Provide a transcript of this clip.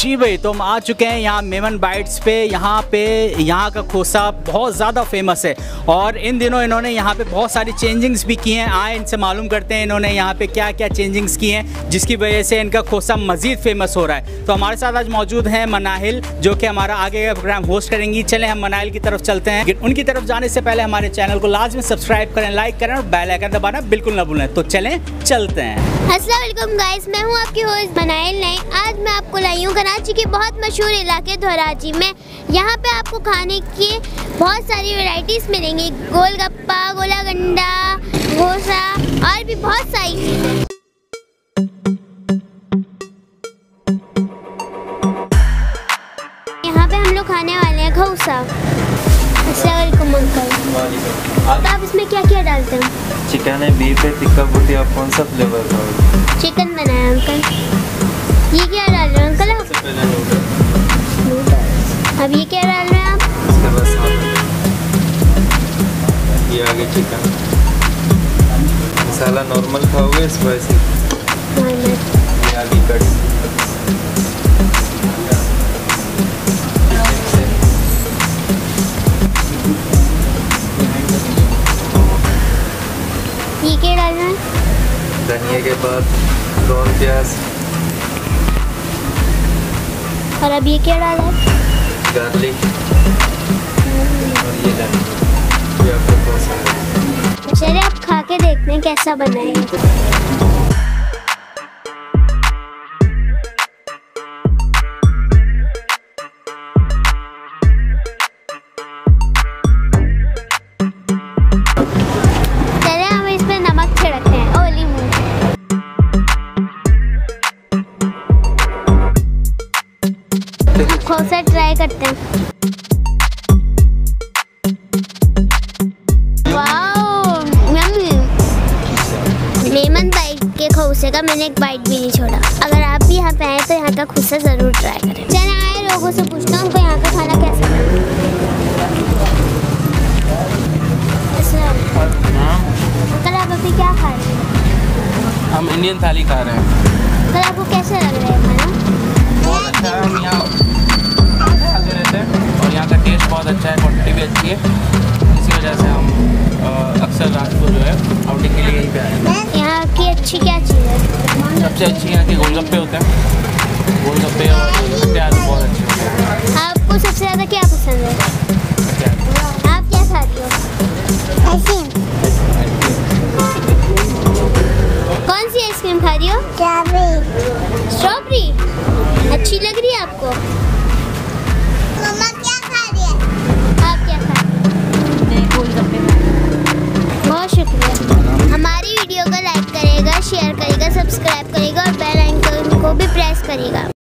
जी भाई तो हम आ चुके हैं यहाँ मेमन बाइट्स पे यहाँ पे यहाँ का खोसा बहुत ज़्यादा फेमस है और इन दिनों इन्होंने यहाँ पे बहुत सारी चेंजिंग्स भी की हैं आए इनसे मालूम करते हैं इन्होंने यहाँ पे क्या क्या चेंजिंग्स की हैं जिसकी वजह से इनका खोसा मज़ीद फेमस हो रहा है तो हमारे साथ आज मौजूद हैं मनाहिल जो कि हमारा आगे का प्रोग्राम होस्ट करेंगी चले हम मनाहिल की तरफ चलते हैं उनकी तरफ जाने से पहले हमारे चैनल को लाजमी सब्सक्राइब करें लाइक करें और बेलाइकन दबाना बिल्कुल ना भूलें तो चलें चलते हैं असल मैं हूँ आपकी होस्ट मनाहिल नहीं आज मैं आपको लाई हूँ कराची के बहुत मशहूर इलाके धोराची में यहाँ पे आपको खाने की बहुत सारी वैरायटीज़ मिलेंगी गोलगप्पा गोला गंडा घोसा और भी बहुत सारी यहाँ पे हम लोग खाने वाले हैं घोसा तो आप इसमें क्या क्या डालते हैं चिकन है बीफ है टिक्का बूटी आप कौन सा फ्लेवर का चिकन बनाया अंकल ये क्या डाल रहे हो अंकल आप अब ये क्या डाल रहे हैं आप ये आगे चिकन मसाला नॉर्मल खाओगे स्पाइसी ये ये क्या डालना है धनिया के बाद लोन प्याज और अब ये क्या डाला है गार्लिक और ये डाला ये आपको पसंद है चलिए आप खा के देखते हैं कैसा बना है से ट्राई करते हैं लेमन का मैंने एक बाइट भी नहीं छोड़ा अगर आप भी यहाँ पे आए तो यहाँ का खोसा ज़रूर ट्राई करें चले आए लोगों से पूछता हूँ यहाँ का खाना कैसा है? हाँ। कल आप अभी क्या खा रहे हैं हम इंडियन थाली खा रहे हैं कल आपको कैसे अच्छी क्या चीज़ है सबसे अच्छी यहाँ के गोलगप्पे होते हैं करेगा